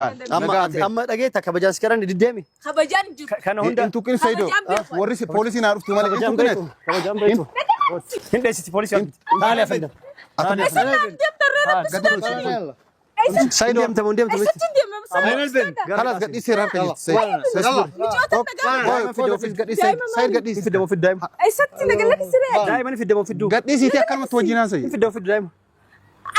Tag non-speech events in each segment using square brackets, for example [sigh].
amma amma dhageetta kabajaan si kadhan diddeemi kabajaan hin jiru kana hunda hin tuqqin fayyadu warri poolisiin haa dhuftu malee hin tuqqineet kabajaan beeku hin dheessiti poolisiin maali afaan Saydem tamam dem tamam. Kalas gadis sirar kan jit. Boy fidem fid gadis sayd gadis fidem fid daim. Ay satti nagalak sirar. Daim ani fidem fiddu. Gadis iti akan matwajina say. Fidem fid daim.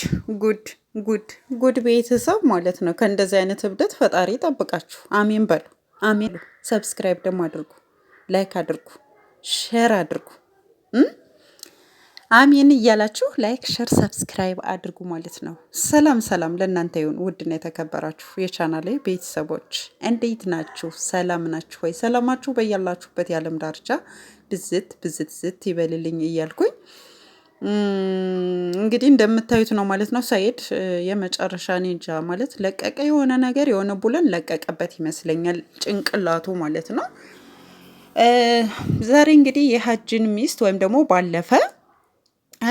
ጉድ ጉድ ጉድ ጉድ ቤተሰብ ማለት ነው። ከእንደዚህ አይነት እብደት ፈጣሪ ጠብቃችሁ አሜን በሉ አሜን። ሰብስክራይብ ደግሞ አድርጉ፣ ላይክ አድርጉ፣ ሼር አድርጉ። አሜን እያላችሁ ላይክ፣ ሸር ሰብስክራይብ አድርጉ ማለት ነው። ሰላም ሰላም ለእናንተ ይሁን ውድና የተከበራችሁ የቻናሌ ቤተሰቦች እንዴት ናችሁ? ሰላም ናችሁ ወይ? ሰላማችሁ በያላችሁበት የዓለም ዳርቻ ብዝት ብዝት ዝት ይበልልኝ እያልኩኝ እንግዲህ እንደምታዩት ነው ማለት ነው። ሰኢድ የመጨረሻ ኔጃ ማለት ለቀቀ፣ የሆነ ነገር የሆነ ቡለን ለቀቀበት ይመስለኛል ጭንቅላቱ ማለት ነው። ዛሬ እንግዲህ የሀጅን ሚስት ወይም ደግሞ ባለፈ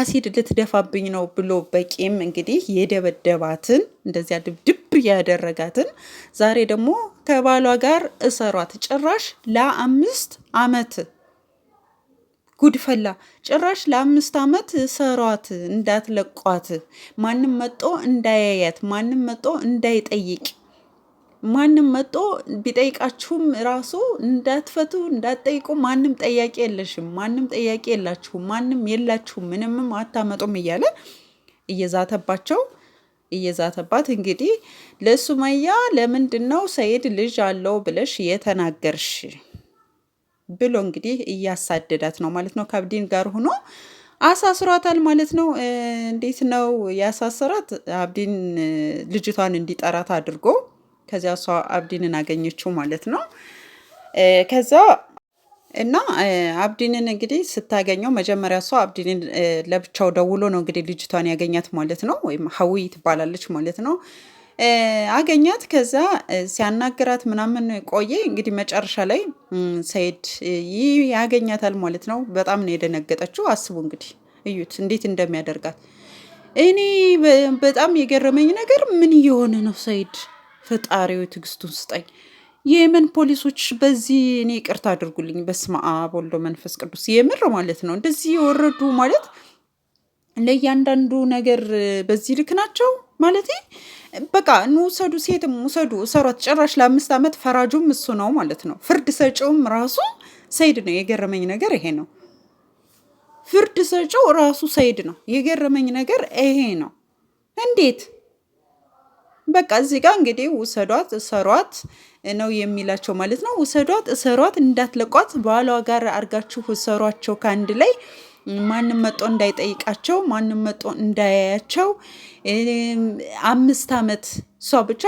አሲድ ልትደፋብኝ ነው ብሎ በቂም እንግዲህ የደበደባትን እንደዚያ ድብድብ ያደረጋትን ዛሬ ደግሞ ከባሏ ጋር እሰሯት ጭራሽ ለአምስት አመት ጉድፈላ ጭራሽ ለአምስት ዓመት ሰሯት እንዳትለቋት፣ ማንም መጦ እንዳያያት፣ ማንም መጦ እንዳይጠይቅ፣ ማንም መጦ ቢጠይቃችሁም ራሱ እንዳትፈቱ እንዳትጠይቁ፣ ማንም ጠያቂ የለሽም፣ ማንም ጠያቂ የላችሁም፣ ማንም የላችሁም፣ ምንምም አታመጡም እያለ እየዛተባቸው እየዛተባት እንግዲህ ለሱመያ ለምንድን ነው ሰይድ ልጅ አለው ብለሽ የተናገርሽ? ብሎ እንግዲህ እያሳደዳት ነው ማለት ነው። ከአብዲን ጋር ሆኖ አሳስሯታል ማለት ነው። እንዴት ነው ያሳሰራት? አብዲን ልጅቷን እንዲጠራት አድርጎ ከዚያ እሷ አብዲንን አገኘችው ማለት ነው። ከዛ እና አብዲንን እንግዲህ ስታገኘው መጀመሪያ እሷ አብዲንን ለብቻው ደውሎ ነው እንግዲህ ልጅቷን ያገኛት ማለት ነው። ወይም ሀዊ ትባላለች ማለት ነው። አገኛት። ከዛ ሲያናግራት ምናምን ቆየ። እንግዲህ መጨረሻ ላይ ሰይድ ይህ ያገኛታል ማለት ነው። በጣም ነው የደነገጠችው። አስቡ እንግዲህ እዩት እንዴት እንደሚያደርጋት። እኔ በጣም የገረመኝ ነገር ምን እየሆነ ነው ሰይድ ፈጣሪው ትዕግስቱን ስጠኝ። የመን ፖሊሶች በዚህ እኔ ይቅርታ አድርጉልኝ። በስመ አብ ወልዶ መንፈስ ቅዱስ የምር ማለት ነው እንደዚህ የወረዱ ማለት ለእያንዳንዱ ነገር በዚህ ልክ ናቸው ማለት በቃ እንውሰዱ፣ ሴትም ውሰዱ፣ እሰሯት። ጭራሽ ለአምስት ዓመት ፈራጁም እሱ ነው ማለት ነው። ፍርድ ሰጪውም ራሱ ሰይድ ነው። የገረመኝ ነገር ይሄ ነው። ፍርድ ሰጪው ራሱ ሰይድ ነው። የገረመኝ ነገር ይሄ ነው። እንዴት በቃ እዚህ ጋር እንግዲህ ውሰዷት፣ እሰሯት ነው የሚላቸው ማለት ነው። ውሰዷት፣ እሰሯት፣ እንዳትለቋት፣ ባሏ ጋር አርጋችሁ እሰሯቸው ከአንድ ላይ ማንም መጦ እንዳይጠይቃቸው፣ ማንም መጦ እንዳያያቸው። አምስት ዓመት እሷ ብቻ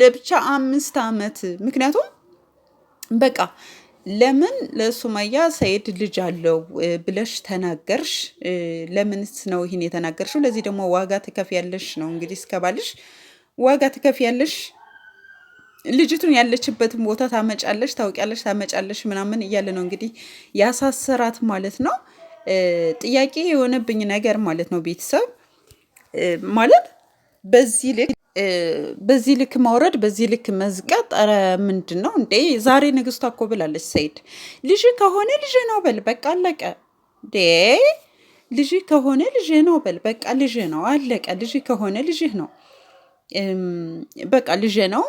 ለብቻ አምስት ዓመት ምክንያቱም በቃ ለምን ለሱመያ ሰይድ ልጅ አለው ብለሽ ተናገርሽ? ለምንስ ነው ይህን የተናገርሽው? ለዚህ ደግሞ ዋጋ ትከፍያለሽ ነው እንግዲህ እስከባልሽ ዋጋ ትከፍያለሽ። ልጅቱን ያለችበትን ቦታ ታመጫለሽ፣ ታውቂያለሽ፣ ታመጫለሽ ምናምን እያለ ነው እንግዲህ ያሳሰራት ማለት ነው። ጥያቄ የሆነብኝ ነገር ማለት ነው ቤተሰብ ማለት በዚህ ልክ በዚህ ልክ ማውረድ በዚህ ልክ መዝቀጥ፣ ኧረ ምንድን ነው እንዴ? ዛሬ ንግስቷ እኮ ብላለች፣ ሰይድ ልጅ ከሆነ ልጅ ነው በል በቃ አለቀ። እንዴ ልጅ ከሆነ ልጅ ነው በል በቃ ልጅ ነው አለቀ። ልጅ ከሆነ ልጅ ነው በቃ ልጅ ነው።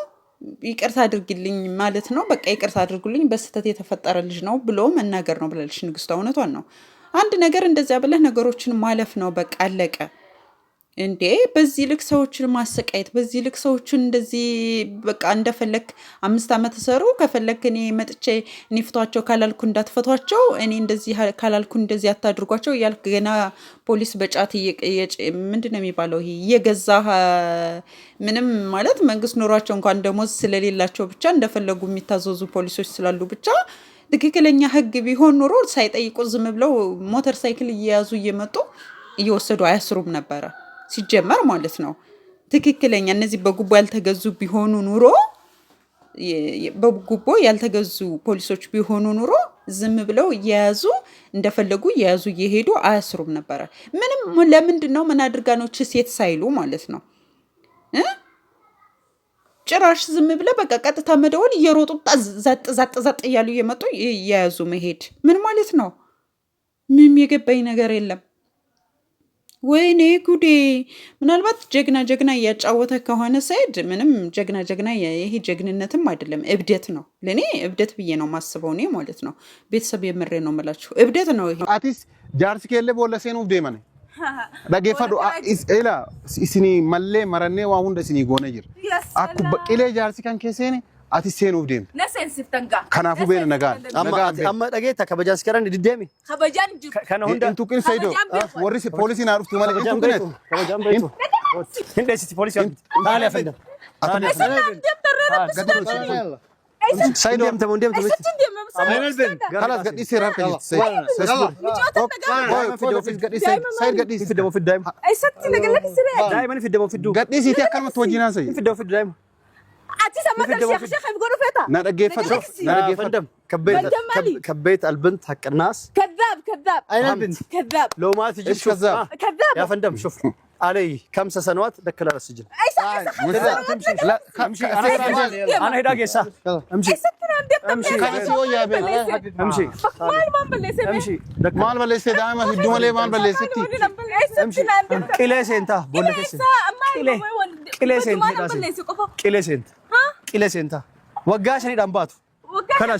ይቅርታ አድርግልኝ ማለት ነው በቃ ይቅርታ አድርጉልኝ፣ በስህተት የተፈጠረ ልጅ ነው ብሎ መናገር ነው ብላለች ንግስቷ። እውነቷን ነው። አንድ ነገር እንደዚያ ብለህ ነገሮችን ማለፍ ነው። በቃ አለቀ። እንዴ በዚህ ልክ ሰዎችን ማሰቃየት፣ በዚህ ልክ ሰዎችን እንደዚህ በቃ እንደፈለክ አምስት ዓመት ሰሩ ከፈለክ እኔ መጥቼ እኔ ፍቷቸው ካላልኩ እንዳትፈቷቸው፣ እኔ እንደዚህ ካላልኩ እንደዚህ አታድርጓቸው እያልክ ገና ፖሊስ በጫት ምንድን ነው የሚባለው ይሄ እየገዛ ምንም ማለት መንግስት ኖሯቸው እንኳን ደሞዝ ስለሌላቸው ብቻ እንደፈለጉ የሚታዘዙ ፖሊሶች ስላሉ ብቻ ትክክለኛ ህግ ቢሆን ኑሮ ሳይጠይቁ ዝም ብለው ሞተር ሳይክል እየያዙ እየመጡ እየወሰዱ አያስሩም ነበረ ሲጀመር ማለት ነው። ትክክለኛ እነዚህ በጉቦ ያልተገዙ ቢሆኑ ኑሮ በጉቦ ያልተገዙ ፖሊሶች ቢሆኑ ኑሮ ዝም ብለው እየያዙ እንደፈለጉ እየያዙ እየሄዱ አያስሩም ነበረ። ምንም ለምንድን ነው ምን አድርጋ ነው ች ሳይሉ ማለት ነው። ጭራሽ ዝም ብለ በቃ ቀጥታ መደወል እየሮጡ ዘጥ ዘጥ ዘጥ እያሉ እየመጡ እየያዙ መሄድ ምን ማለት ነው? ምንም የገባኝ ነገር የለም። ወይኔ ጉዴ! ምናልባት ጀግና ጀግና እያጫወተ ከሆነ ሰይድ ምንም ጀግና ጀግና ይሄ ጀግንነትም አይደለም እብደት ነው። ለእኔ እብደት ብዬ ነው ማስበው እኔ ማለት ነው። ቤተሰብ የምሬ ነው የምላችሁ እብደት ነው ይሄ አቲስ ጃርስ ኬሌ ቦለሴን ውብዴ መነ dhageeffadhu eela isinii mallee marannee waa hunda isinii goone jira akkuma qilee jaarsi kan keesseen ati seenuuf deemte. Na seensiftan gaa. Kanaafuu beena nagaan. Amma dhageetta kabajaan si karan idi deemi. Kabajaan jiru. Kana hunda. Intuqin seedo. Warri poolisiin haa dhuftu malee. Kabajaan beeku. Kabajaan beeku. Hin dheessiti poolisiin. Taale afanda. Taale afanda. Seedo. Deemtamu deemtamu. اين البنت؟ خلاص قد يصير هركه سيد يلا فيديو في قد يصير سيد قد يصير في الدو في الدايم اي ستي قال لك سيد دائما في الدو في الدو قد يصير تكلم توجينا سيد في الدو في الدايم عتيسة ما شيخ شيخ بقولوا فيتا نار قيفة نار قيفة كبيت كبيت البنت حق الناس كذاب كذاب اين البنت؟ كذاب لو ما تجي كذاب كذاب يا فندم شوف علي كم سنوات دخل على السجن امشي انا هدا قيسا امشي امشي خلاص يا بنت امشي امشي مال بلستي دائما هدوم لي مال بلستي امشي قليس انت بقول لك قليس انت قليس انت قليس انت وقاشني دنباتو كان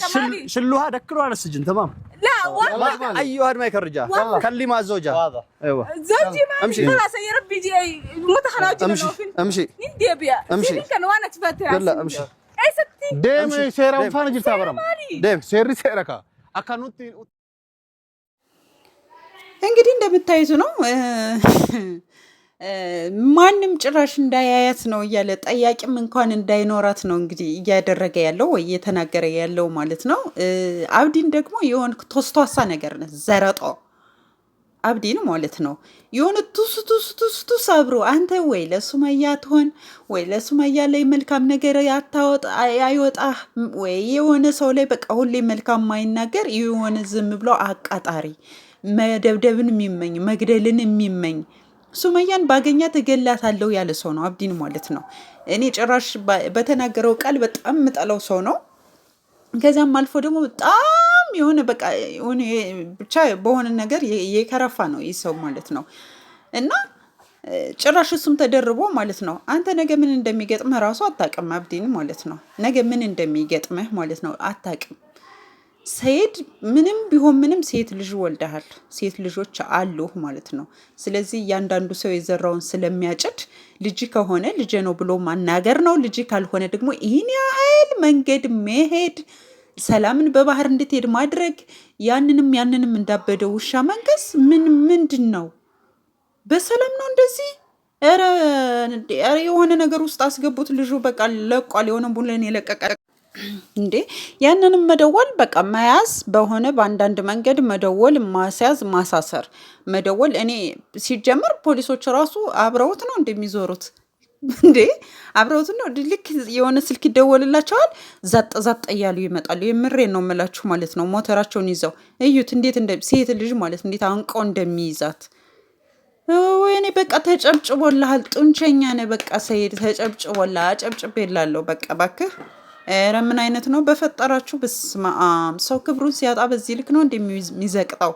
شلوها دكلوا على السجن تمام لا والله ايها المايك خلي كلمها الزوجة ايوه زوجي ما امشي خلاص يا ربي جي متخرج امشي امشي ندي ابيا امشي كان وانا تفتح لا امشي اي ستي ديم سيرا وفان جبتها برا ديم سيري سيرك اكنوت እንግዲህ እንደምታዩት ነው ማንም ጭራሽ እንዳያያት ነው እያለ ጠያቂም እንኳን እንዳይኖራት ነው እንግዲህ እያደረገ ያለው ወይ እየተናገረ ያለው ማለት ነው። አብዲን ደግሞ የሆነ ቶስቷሳ ነገር ነው ዘረጦ አብዲን ማለት ነው የሆነ ቱስ ቱስ ቱስ ቱስ አብሮ አንተ ወይ ለሱመያ ትሆን ወይ ለሱመያ ላይ መልካም ነገር አይወጣ ወይ የሆነ ሰው ላይ በቃ ሁሌ መልካም ማይናገር የሆነ ዝም ብሎ አቃጣሪ መደብደብን የሚመኝ መግደልን የሚመኝ ሱመያን ባገኛ እገላታለሁ ያለ ሰው ነው አብዲን ማለት ነው። እኔ ጭራሽ በተናገረው ቃል በጣም የምጠላው ሰው ነው። ከዚያም አልፎ ደግሞ በጣም የሆነ በቃ የሆነ ብቻ በሆነ ነገር የከረፋ ነው ይህ ሰው ማለት ነው እና ጭራሽ እሱም ተደርቦ ማለት ነው። አንተ ነገ ምን እንደሚገጥምህ ራሱ አታውቅም። አብዲን ማለት ነው ነገ ምን እንደሚገጥምህ ማለት ነው አታውቅም። ሰይድ ምንም ቢሆን ምንም ሴት ልጅ ወልደሃል፣ ሴት ልጆች አሉህ ማለት ነው። ስለዚህ እያንዳንዱ ሰው የዘራውን ስለሚያጭድ ልጅ ከሆነ ልጄ ነው ብሎ ማናገር ነው። ልጅ ካልሆነ ደግሞ ይህን ያህል መንገድ መሄድ፣ ሰላምን በባህር እንድትሄድ ማድረግ፣ ያንንም ያንንም እንዳበደ ውሻ መንገስ ምን ምንድን ነው? በሰላም ነው እንደዚህ ኧረ የሆነ ነገር ውስጥ አስገቡት። ልጁ በቃ ለቋል። የሆነ ቡለን የለቀቀ እንዴ ያንንም መደወል በቃ መያዝ በሆነ በአንዳንድ መንገድ መደወል፣ ማስያዝ፣ ማሳሰር፣ መደወል። እኔ ሲጀመር ፖሊሶች ራሱ አብረውት ነው እንደሚዞሩት እንዴ አብረውት ነው። ልክ የሆነ ስልክ ይደወልላቸዋል፣ ዛጥ ዛጥ እያሉ ይመጣሉ። የምሬ ነው የምላችሁ ማለት ነው። ሞተራቸውን ይዘው እዩት፣ እንዴት እንደ ሴት ልጅ ማለት እንዴት አንቀው እንደሚይዛት ወይኔ በቃ ተጨብጭቦልሃል፣ ጡንቸኛ ነህ በቃ ሰይድ ተጨብጭቦልሃል። አጨብጭቤላለሁ በቃ እባክህ ኧረ ምን አይነት ነው በፈጠራችሁ! በስመ አብ! ሰው ክብሩን ሲያጣ በዚህ ልክ ነው እንደሚዘቅጠው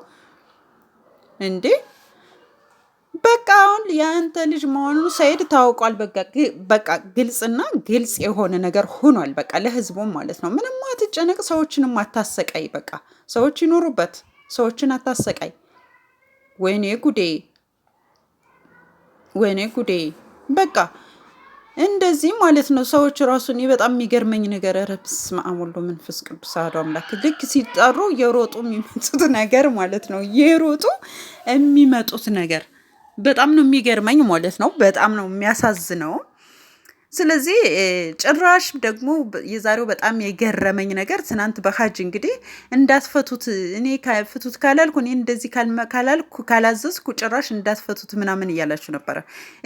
እንዴ! በቃ አሁን የአንተ ልጅ መሆኑ ሰኢድ ታውቋል። በቃ ግልጽና ግልጽ የሆነ ነገር ሆኗል። በቃ ለህዝቡም ማለት ነው። ምንም አትጨነቅ፣ ሰዎችንም አታሰቃይ። በቃ ሰዎች ይኖሩበት፣ ሰዎችን አታሰቃይ። ወይኔ ጉዴ! ወይኔ ጉዴ! በቃ እንደዚህ ማለት ነው። ሰዎች ራሱ እኔ በጣም የሚገርመኝ ነገር ረብስ በስመ መንፈስ ቅዱስ አሐዱ አምላክ ልክ ሲጠሩ የሮጡ የሚመጡት ነገር ማለት ነው። የሮጡ የሚመጡት ነገር በጣም ነው የሚገርመኝ ማለት ነው። በጣም ነው የሚያሳዝነው። ስለዚህ ጭራሽ ደግሞ የዛሬው በጣም የገረመኝ ነገር ትናንት በሀጅ እንግዲህ እንዳትፈቱት እኔ ፍቱት ካላልኩ እኔ እንደዚህ ካላልኩ ካላዘዝኩ ጭራሽ እንዳትፈቱት ምናምን እያላችሁ ነበረ።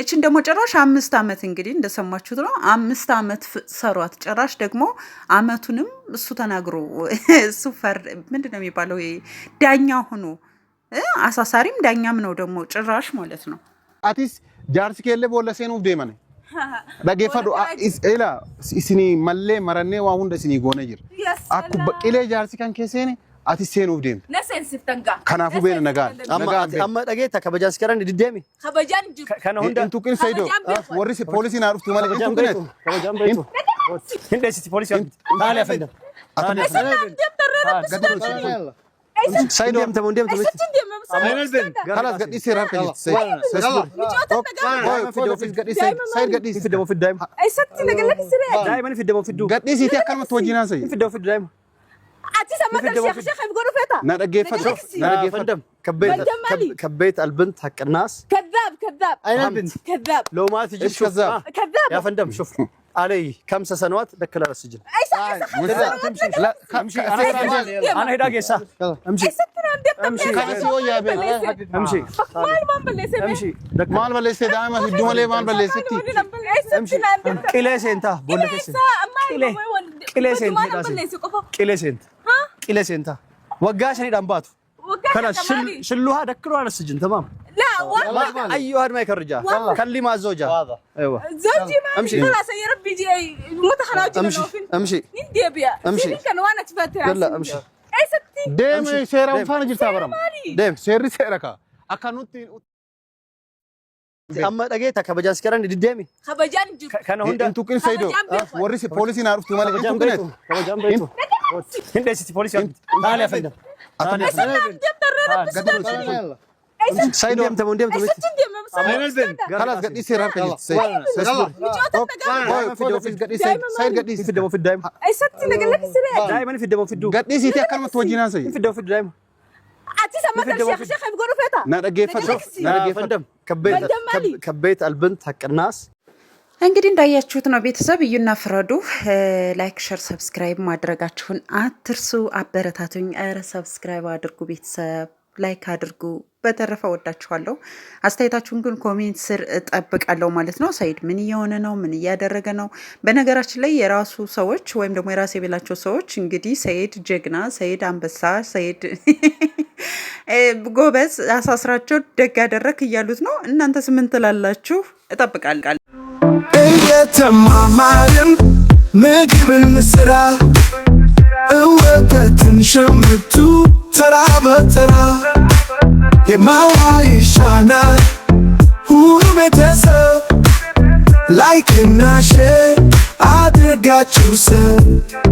እችን ደግሞ ጭራሽ አምስት ዓመት እንግዲህ እንደሰማችሁት ነው። አምስት ዓመት ሰሯት። ጭራሽ ደግሞ ዓመቱንም እሱ ተናግሮ [laughs] እሱ ፈር ምንድን ነው የሚባለው ዳኛ ሆኖ አሳሳሪም ዳኛም ነው ደግሞ ጭራሽ ማለት ነው አቲስ ጃርስ ኬሌ ቦለሴኑፍ dhageeffa ilaa isini mallee marannee waa hunda isinii goone jira akkuma qilee jaarsi kan keesseen ati seenuuf deemta. Na seensiftan gaa. Kanaafuu beena nagaan. Amma dhageetta kabajaan si karan diddeemi. Kabajaan jiru. Kana hunda. Hin tuqqin sayidoo. Warri poolisiin haa dhuftu malee hin tuqqineetu. Kabajaan beeku. Hin dheessiti poolisiin. Haali afendan. Haali afendan. Haali afendan. سيدو انت وندي انت بس خلاص قد يصير هركه جت سيد يلا في في قد يصير سيد قد يصير في الدم في الدم اي ستي انا قال لك سريع دائما في الدم في الدم قد يصير تاكل ما توجينا سيد في الدم في الدم عتي سمعت الشيخ شيخ يقولوا فتا انا رقيفه شوف انا رقيفه آه، كبيت كبيت البنت حق الناس كذاب كذاب اين البنت كذاب لو ما تجي كذاب آه. كذاب يا فندم شوف علي كم سنوات دخل على السجن امشي انا هداك يسا امشي امشي امشي امشي مال بلستي دائما الدوله مال بلستي امشي قليس انت بقول لك قليس انت قليس انت قليس انت وقاش هني دنباتو كلا شلوها دكروا على السجن تمام ايها الملك الرجال خلي مع الزوجة واضح ايوه زوجي ما امشي خلاص يا ربي جي متى خلاص امشي امشي ندي ابيع امشي كان وانا تفتح لا امشي اي ستي ديم سيرا وفانا جبت ابرا ديم سيري سيرك اكنوتي أما أجيتها كبجان سكران دي ديمي كبجان كان هندا انتو كن سيدو وريس بوليسي نعرف تمالي كبجان بيتو بيتو هندا سيتي بوليسي تعال يا فندم تعال يا فندم يا بس እንግዲህ እንዳያችሁት ነው ቤተሰብ እዩና ፍረዱ። ላይክ፣ ሸር፣ ሰብስክራይብ ማድረጋችሁን አትርሱ። አበረታቱኝ። ኧረ ሰብስክራይብ አድርጉ ቤተሰብ። ላይክ አድርጉ። በተረፈ ወዳችኋለሁ። አስተያየታችሁን ግን ኮሜንት ስር እጠብቃለሁ ማለት ነው። ሰይድ ምን እየሆነ ነው? ምን እያደረገ ነው? በነገራችን ላይ የራሱ ሰዎች ወይም ደግሞ የራሱ የቤላቸው ሰዎች እንግዲህ ሰይድ ጀግና፣ ሰይድ አንበሳ፣ ሰይድ [laughs] ጎበዝ፣ አሳስራቸው ደግ ያደረክ እያሉት ነው። እናንተስ ምን ትላላችሁ? እጠብቃለሁ። እየተማማርን ምግብን ስራ እወተትን ሸምቱ ተራ በተራ የማዋ ይሻናል ሁሉም ቤተሰብ ላይክና ሼር አድርጋችሁ ሰብ